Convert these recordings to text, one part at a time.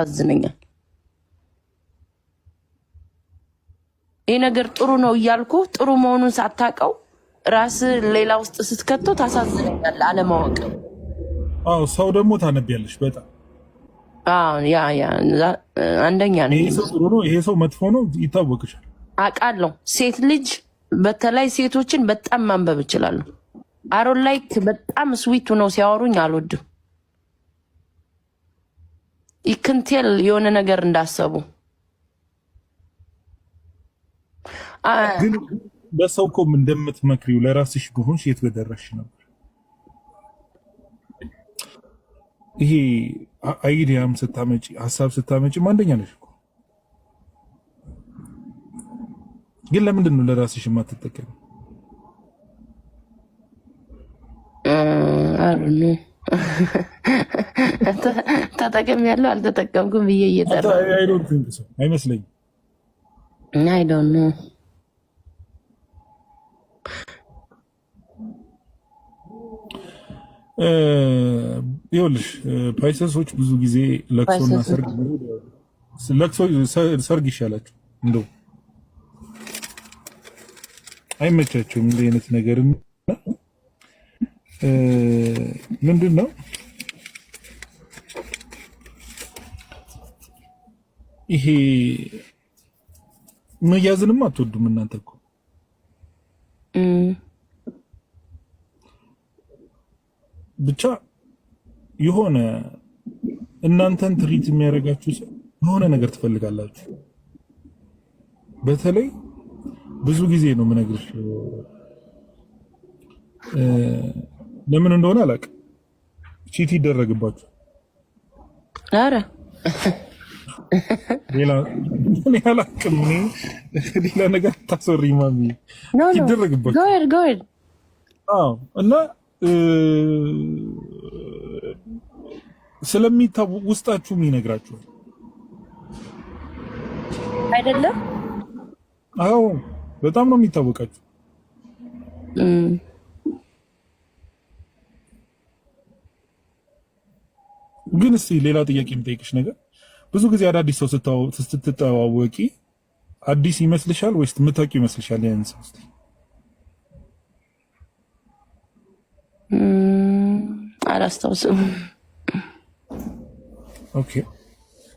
ያሳዝነኛል። ይህ ነገር ጥሩ ነው እያልኩ ጥሩ መሆኑን ሳታውቀው ራስ ሌላ ውስጥ ስትከቶ ታሳዝነኛል። አለማወቅ ሰው ደግሞ ታነቢያለሽ። በጣም ያ ያ አንደኛ ነው። ይሄ ሰው ጥሩ ነው፣ ይሄ ሰው መጥፎ ነው ይታወቅሻል። አውቃለሁ። ሴት ልጅ በተለይ ሴቶችን በጣም ማንበብ እችላለሁ። አሮን ላይክ በጣም ስዊት ነው ሲያወሩኝ አልወድም። ይክንቴል የሆነ ነገር እንዳሰቡ uh, ግን በሰው ኮ እንደምትመክሪው ለራስሽ በሆንሽ የት በደረሽ ነበር። ይሄ አይዲያም ስታመጪ ሀሳብ ስታመጪ አንደኛ ነሽ እኮ። ግን ለምንድን ነው ለራስሽ የማትጠቀሚው? Uh, ተጠቀም ያለው አልተጠቀምኩም ብዬ እየጠራ አይመስለኝም። አይ ዶንት ኖ ይኸውልሽ ፓይሰሶች ብዙ ጊዜ ለቅሶና ሰርግ ለቅሶ ሰርግ ይሻላቸው እንደው አይመቻቸውም አይነት ነገርና ምንድን ነው ይሄ? መያዝንም አትወዱም እናንተ እኮ ብቻ የሆነ እናንተን ትሪት የሚያደርጋችሁ ሰው የሆነ ነገር ትፈልጋላችሁ። በተለይ ብዙ ጊዜ ነው የምነግርሽ ለምን እንደሆነ አላውቅም። ቺት ይደረግባችሁ። ኧረ ሌላ እኔ አላውቅም። እኔ ሌላ ነገር ታሰሪ ማሚ ይደረግባችሁ እና ስለሚታወቅ ውስጣችሁም ይነግራችኋል አይደለም? አዎ በጣም ነው የሚታወቃችሁ። ግን እስቲ ሌላ ጥያቄ የምጠይቅሽ ነገር ብዙ ጊዜ አዳዲስ ሰው ስትተዋወቂ አዲስ ይመስልሻል ወይስ የምታውቂው ይመስልሻል? ያን ሰው እስቲ አላስታውስም። ኦኬ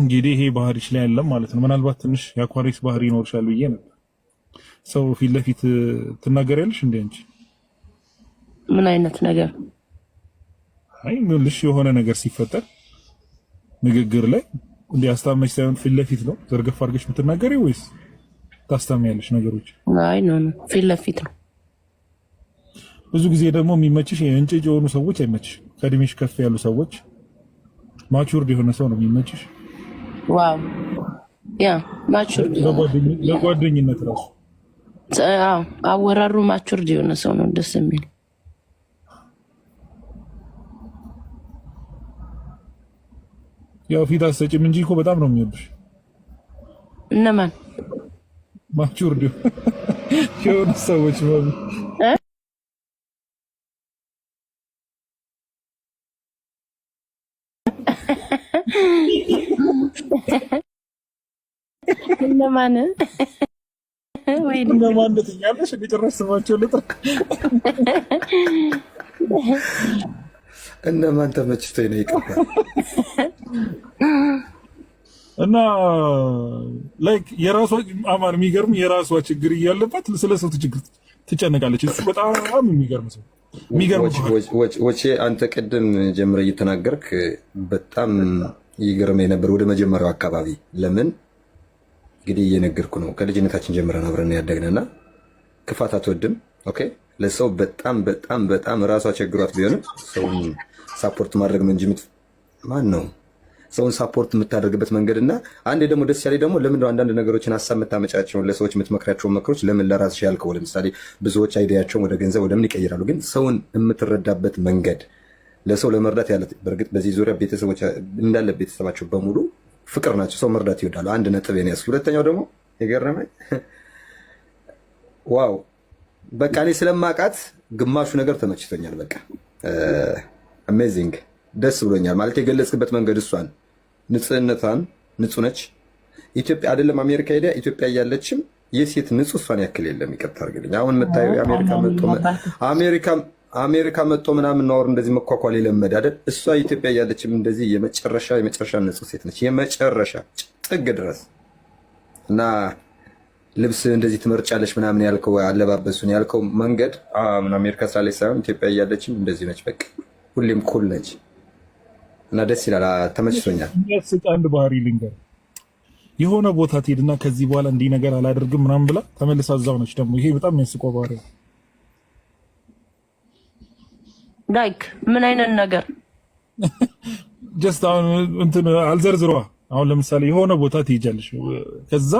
እንግዲህ ይሄ ባህሪሽ ላይ ያለም ማለት ነው። ምናልባት ትንሽ የአኳሪስ ባህሪ ይኖርሻል ብዬ ነበር። ሰው ፊት ለፊት ትናገሪያለሽ እንዴ አንቺ? ምን አይነት ነገር? አይ ምልሽ የሆነ ነገር ሲፈጠር ንግግር ላይ እንዲያስታመች ሳይሆን ፊት ለፊት ነው ዘርገፍ አድርገሽ የምትናገሪ ወይስ ታስታሚያለሽ? ነገሮች አይ ኖ ፊት ለፊት ነው። ብዙ ጊዜ ደግሞ የሚመችሽ የእንጭጭ የሆኑ ሰዎች አይመችሽ። ከእድሜሽ ከፍ ያሉ ሰዎች፣ ማቹርድ የሆነ ሰው ነው የሚመችሽ። ዋው ያ ማቹርድ ለጓደኝነት ራሱ አወራሩ ማቹርድ የሆነ ሰው ነው ደስ የሚል ያው ፊት አሰጭም እንጂ እኮ በጣም ነው የሚወድሽ። እነማን ማቹር ዲው የሆኑ ሰዎች ነው እነማን ወይ እነማን እንደትኛለሽ ቢጨረስ ስማቸው ልጥር እነማን ተመችቶኝ ነው ይቀባል እና ላይክ የራሷ አማን የሚገርም የራሷ ችግር እያለባት ስለ ሰው ችግር ትጨነቃለች። እሱ በጣም የሚገርም ሰው ወቼ አንተ ቅድም ጀምረ እየተናገርክ በጣም ይገርም የነበር ወደ መጀመሪያው አካባቢ ለምን እንግዲህ እየነገርኩ ነው። ከልጅነታችን ጀምረን አብረን ያደግነና ክፋት አትወድም። ኦኬ ለሰው በጣም በጣም በጣም ራሷ ቸግሯት ቢሆንም ሰውን ሳፖርት ማድረግ ነው እንጂ ማን ነው ሰውን ሳፖርት የምታደርግበት መንገድ እና አንድ ደግሞ ደስ ያለ ደግሞ ለምን አንዳንድ ነገሮችን ሀሳብ የምታመጫቸውን ለሰዎች የምትመክሪያቸውን መክሮች ለምን ለራስሽ ያልከው ለምሳሌ ብዙዎች አይዲያቸውን ወደ ገንዘብ ወደምን ይቀይራሉ፣ ግን ሰውን የምትረዳበት መንገድ ለሰው ለመርዳት ያለ በእርግጥ በዚህ ዙሪያ ቤተሰቦች እንዳለ ቤተሰባቸው በሙሉ ፍቅር ናቸው። ሰው መርዳት ይወዳሉ። አንድ ነጥብ ኔ ያስ ሁለተኛው ደግሞ የገረመኝ ዋው በቃ እኔ ስለማውቃት ግማሹ ነገር ተመችቶኛል። በቃ አሜዚንግ ደስ ብሎኛል ማለት የገለጽክበት መንገድ እሷን ንጽህነቷን ንጹህ ነች። ኢትዮጵያ አይደለም አሜሪካ ሄዳ ኢትዮጵያ እያለችም የሴት ንጹህ እሷን ያክል የለም። ይቅርታ አድርግልኝ። አሁን የምታየው አሜሪካ መጥቶ አሜሪካ አሜሪካ መጥቶ ምናምን እናወር እንደዚህ መኳኳል የለመደ አይደል? እሷ ኢትዮጵያ እያለችም እንደዚህ የመጨረሻ የመጨረሻ ንጹህ ሴት ነች፣ የመጨረሻ ጥግ ድረስ እና ልብስ እንደዚህ ትመርጫለች ምናምን ያልከው አለባበሱን ያልከው መንገድ አሜሪካ ሳላይ ሳይሆን ኢትዮጵያ እያለችም እንደዚህ ነች። በቃ ሁሌም ኩል ነች። እና ደስ ይላል፣ ተመችቶኛል። የሚያስቅ አንድ ባህሪ ልንገር። የሆነ ቦታ ትሄድና ከዚህ በኋላ እንዲህ ነገር አላደርግም ምናምን ብላ ተመልሳ እዛው ነች። ደግሞ ይሄ በጣም የሚያስቀው ባህሪ ላይክ ምን አይነት ነገር ጀስት አሁን እንትን አልዘርዝሯ። አሁን ለምሳሌ የሆነ ቦታ ትሄጃለሽ፣ ከዛ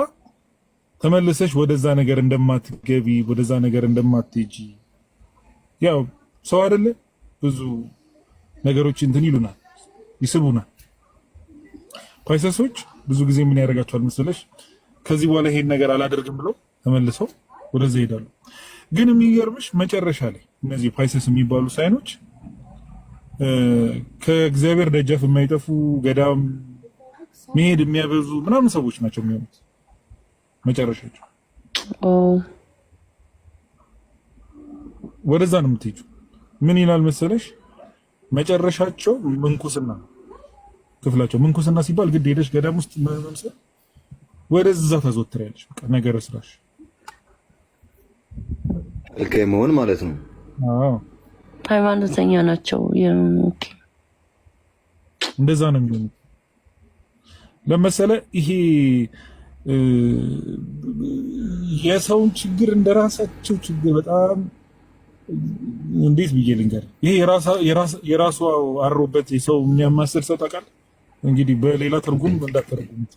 ተመልሰሽ ወደዛ ነገር እንደማትገቢ ወደዛ ነገር እንደማትሄጂ ያው ሰው አይደለ ብዙ ነገሮች እንትን ይሉናል ይስቡናል። ፓይሰሶች ብዙ ጊዜ ምን ያደርጋቸዋል መሰለሽ? ከዚህ በኋላ ይሄን ነገር አላደርግም ብለው ተመልሰው ወደዛ ይሄዳሉ። ግን የሚገርምሽ መጨረሻ ላይ እነዚህ ፓይሰስ የሚባሉ ሳይኖች ከእግዚአብሔር ደጃፍ የማይጠፉ ገዳም መሄድ የሚያበዙ ምናምን ሰዎች ናቸው የሚሆኑት መጨረሻቸው። ወደዛ ነው የምትሄጂው። ምን ይላል መሰለሽ መጨረሻቸው ምንኩስና ነው። ክፍላቸው ምንኩስና ሲባል ግድ ሄደሽ ገዳም ውስጥ መምሰል ወደዛ ተዘወትሪያለሽ። በቃ ነገር ስራሽ እልካይ መሆን ማለት ነው። ሃይማኖተኛ ናቸው። እንደዛ ነው የሚሆኑት። ለመሰለ ይሄ የሰውን ችግር እንደ ራሳቸው ችግር በጣም እንዴት ብዬ ልንገር፣ ይሄ የራሱ አሮበት የሰው የሚያማስል ሰው ታውቃለህ እንግዲህ በሌላ ትርጉም እንዳትተረጉሙት።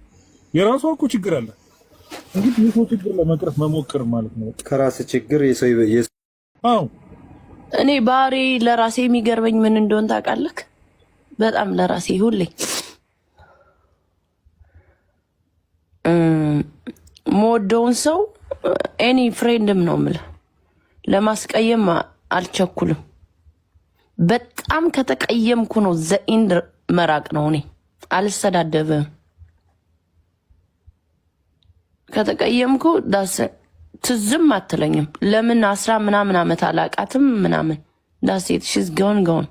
የራሷ እኮ ችግር አለ። እንግዲህ የሰው ችግር ለመቅረፍ መሞከር ማለት ነው። ከራስ ችግር አዎ። እኔ ባህሪ ለራሴ የሚገርመኝ ምን እንደሆን ታውቃለህ? በጣም ለራሴ ሁሌ መወደውን ሰው ኤኒ ፍሬንድም ነው የምልህ ለማስቀየም አልቸኩልም። በጣም ከተቀየምኩ ነው ዘኢንድ መራቅ ነው እኔ አልሰዳደብም። ከተቀየምኩ ዳሴ ትዝም አትለኝም። ለምን አስራ ምናምን ዓመት አላቃትም ምናምን ዳሴት ሽዝ ገውን ገውን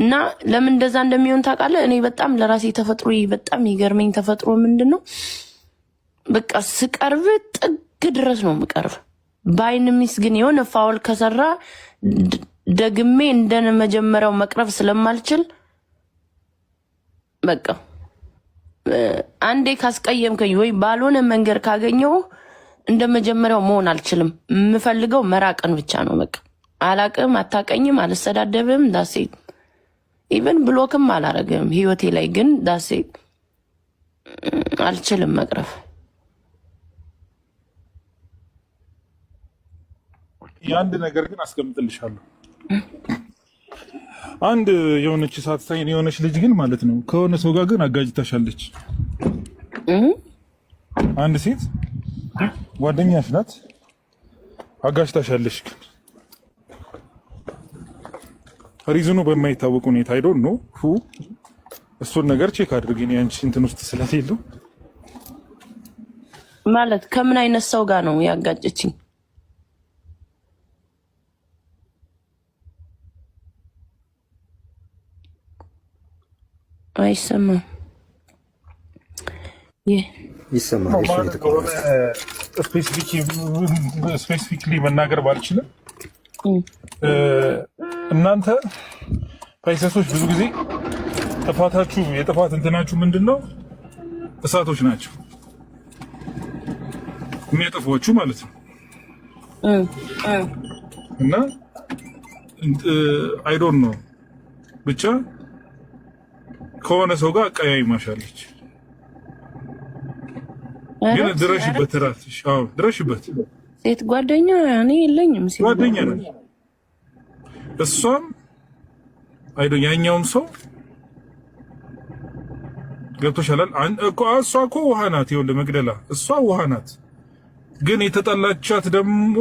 እና ለምን እንደዛ እንደሚሆን ታውቃለህ? እኔ በጣም ለራሴ ተፈጥሮ በጣም ይገርመኝ ተፈጥሮ ምንድን ነው? በቃ ስቀርብ ጥግ ድረስ ነው የምቀርብ በአይን ሚስ ግን የሆነ ፋውል ከሰራ ደግሜ እንደመጀመሪያው መቅረብ ስለማልችል በቃ አንዴ ካስቀየምከኝ ወይ ባልሆነ መንገድ ካገኘው እንደ መጀመሪያው መሆን አልችልም። የምፈልገው መራቅን ብቻ ነው። በቃ አላቅም፣ አታቀኝም፣ አልሰዳደብም። ዳሴ ኢቨን ብሎክም አላረግም ህይወቴ ላይ ግን ዳሴ አልችልም መቅረፍ የአንድ ነገር ግን አስቀምጥልሻለሁ አንድ የሆነች ሰዓት ሳይን የሆነች ልጅ ግን ማለት ነው ከሆነ ሰው ጋር ግን አጋጅታሻለች። አንድ ሴት ጓደኛሽ ናት፣ አጋጅታሻለች። ግን ሪዝኑ በማይታወቅ ሁኔታ አይዶ ኖ ሁ እሱን ነገር ቼክ አድርጊ። አንቺ እንትን ውስጥ ስለሌለው ማለት ከምን አይነት ሰው ጋር ነው ያጋጨችኝ? አይሰማም። ስፔሲፊክሊ መናገር ባልችልም እናንተ ፓይሰሶች ብዙ ጊዜ ጥፋታችሁ የጥፋት እንትናችሁ ምንድን ነው? እሳቶች ናቸው የሚያጠፏችሁ ማለት ነው። እና አይዶን ነው ብቻ ከሆነ ሰው ጋር አቀያይማሻለች። ግን ድረሽበት፣ እራስሽ አዎ፣ ድረሽበት። ሴት ጓደኛ እኔ የለኝም፣ ሴት ጓደኛ ነው። እሷም አይዶ ያኛውም ሰው ገብቶሻል። አን እኮ እሷ እኮ ውሃ ናት፣ ይኸውልህ መግደላ፣ እሷ ውሃ ናት። ግን የተጣላቻት ደግሞ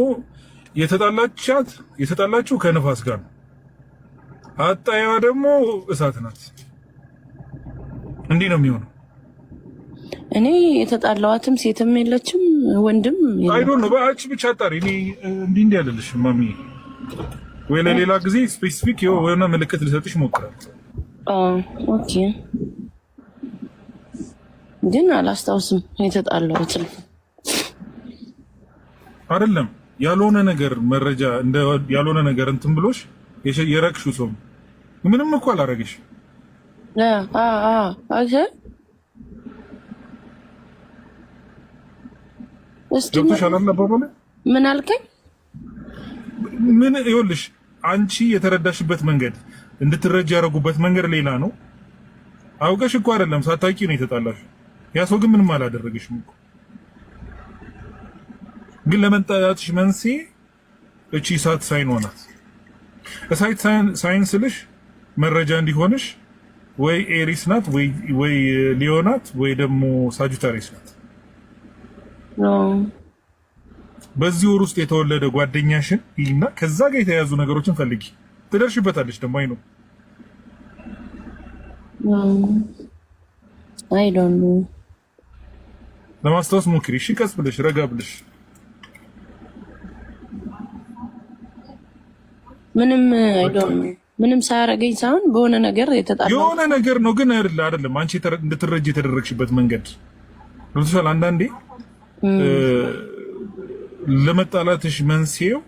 የተጣላቻት የተጣላችሁ ከነፋስ ጋር ነው። አጣያዋ ደግሞ እሳት ናት። እንዲህ ነው የሚሆነው። እኔ የተጣላዋትም ሴትም የለችም ወንድም አይዶ ነው። በአንቺ ብቻ አጣሪ። እኔ እንዲህ እንዲህ አይደለሽ ማሚ፣ ወይ ለሌላ ጊዜ ስፔሲፊክ የሆነ ምልክት ልሰጥሽ ሞክራል። ኦኬ፣ ግን አላስታውስም የተጣላዋትም አይደለም ያልሆነ ነገር መረጃ እንደ ያልሆነ ነገር እንትን ብሎሽ የረክሹ ሰው ምንም እኮ አላረገሽ Ja, Ah. Ah. Okay. ምን አልከኝ? ምን ይኸውልሽ፣ አንቺ የተረዳሽበት መንገድ እንድትረጅ ያደረጉበት መንገድ ሌላ ነው። አውቀሽ እኮ አይደለም፣ ሳታውቂ ነው የተጣላሽ። ያ ሰው ግን ምንም አላደረገሽም እኮ። ግን ለመጣላትሽ መንስኤ እቺ እሳት ሳይን ሆናት። እሳት ሳይን ስልሽ መረጃ እንዲሆንሽ ወይ ኤሪስ ናት ወይ ሊዮ ናት ወይ ደግሞ ሳጁታሪስ ናት። በዚህ ወር ውስጥ የተወለደ ጓደኛሽን እና ከዛ ጋር የተያያዙ ነገሮችን ፈልጊ። ትደርሽበታለች። ደግሞ አይ ለማስታወስ ሞክሪ። እሺ፣ ቀስ ብለሽ ረጋ ብለሽ ምንም አይ ምንም ሳያረገኝ ሳይሆን በሆነ ነገር የተጣላ የሆነ ነገር ነው። ግን አይደለም አንቺ እንድትረጅ የተደረግሽበት መንገድ ብትሻል። አንዳንዴ ለመጣላትሽ መንስኤው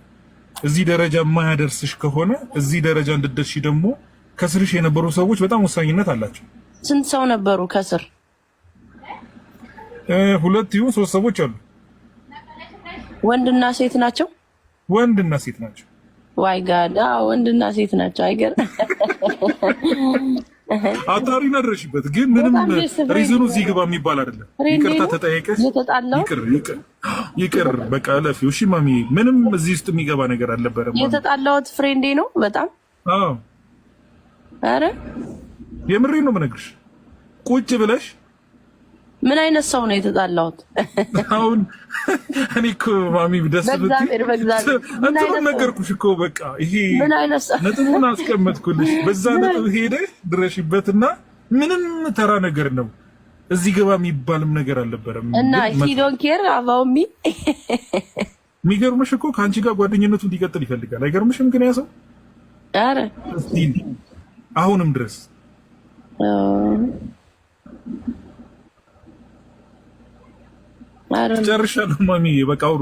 እዚህ ደረጃ የማያደርስሽ ከሆነ እዚህ ደረጃ እንድትደርሺ ደግሞ ከስርሽ የነበሩ ሰዎች በጣም ወሳኝነት አላቸው። ስንት ሰው ነበሩ ከስር? ሁለት ይሁን ሶስት ሰዎች አሉ። ወንድና ሴት ናቸው። ወንድና ሴት ናቸው። ዋይ ጋዳ ወንድና ሴት ናቸው። አይገር አታሪ ነረሽበት ግን ምንም ሪዝኑ እዚህ ግባ የሚባል አይደለም። ይቅርታ ተጠያየቀሽ፣ ይቅር በቃ እለፊው። እሺ ማሚ፣ ምንም እዚህ ውስጥ የሚገባ ነገር አልነበረም። የተጣላሁት ፍሬንዴ ነው በጣም አዎ። ኧረ የምሬን ነው የምነግርሽ ቁጭ ብለሽ ምን አይነት ሰው ነው የተጣላሁት? አሁን እኔ እኮ ማሚ ደስ በእግዚአብሔር በእግዚአብሔር እንትኑን ነገርኩሽ እኮ በቃ ይሄ ነጥቡን አስቀመጥኩልሽ። በዛ ነጥብ ሄደ ድረሽበትና ምንም ተራ ነገር ነው እዚህ ገባ የሚባልም ነገር አልነበረም። እና ሂዶን ኬር አባው ሚ የሚገርምሽ እኮ ከአንቺ ጋር ጓደኝነቱ እንዲቀጥል ይፈልጋል። አይገርምሽም? ግን ያ ሰው ኧረ አሁንም ድረስ ጨርሻለሁ ማሚዬ፣ በቃ አውሩ።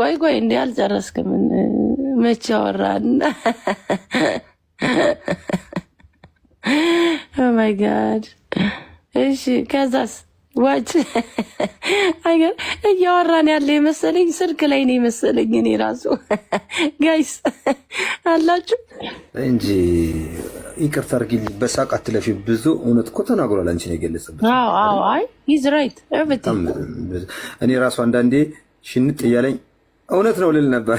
ቆይ ቆይ፣ እንዲህ አልጨረስክም። መቼ አወራን? ኦ ማይ ጋድ። እሺ ከዛስ ዋች አገር እያወራን ያለ የመሰለኝ ስልክ ላይ ነው የመሰለኝ። እኔ ራሱ ጋይስ አላችሁ እንጂ ይቅርታ አድርጊልኝ፣ በሳቅ አትለፊ። ብዙ እውነት እኮ ተናግሯል። አንቺ ነው የገለጸበት። አይ ሂዝ ራይት ኤቭሪቲንግ። እኔ ራሱ አንዳንዴ ሽንጥ እያለኝ እውነት ነው ልል ነበር።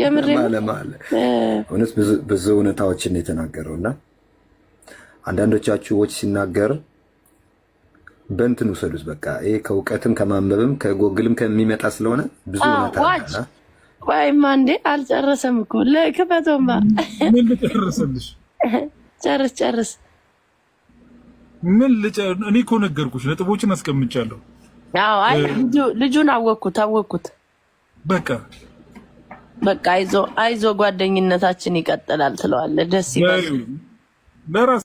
የምርለማለ እውነት ብዙ እውነታዎችን የተናገረው እና አንዳንዶቻችሁ ዎች ሲናገር በእንትን ውሰዱት። በቃ ይሄ ከእውቀትም ከማንበብም ከጎግልም ከሚመጣ ስለሆነ ብዙ ወይማ እንዴ አልጨረሰም እኮ ለክፈቶማ ምን ልጨርሰልሽ? ጨርስ ጨርስ። ምን እኔ እኮ ነገርኩሽ፣ ነጥቦችን አስቀምጫለሁ። አዎ አይ ልጁን አወቅኩት አወቅኩት። በቃ በቃ አይዞ አይዞ ጓደኝነታችን ይቀጥላል ትለዋለህ። ደስ ይበል ለራስ